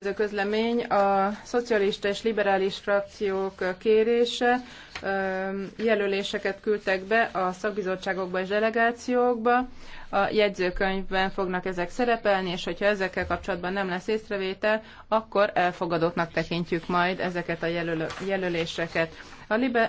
Ez a közlemény a szocialista és liberális frakciók kérése jelöléseket küldtek be a szakbizottságokba és delegációkba. A jegyzőkönyvben fognak ezek szerepelni, és hogyha ezekkel kapcsolatban nem lesz észrevétel, akkor elfogadottnak tekintjük majd ezeket a jelöléseket. A libe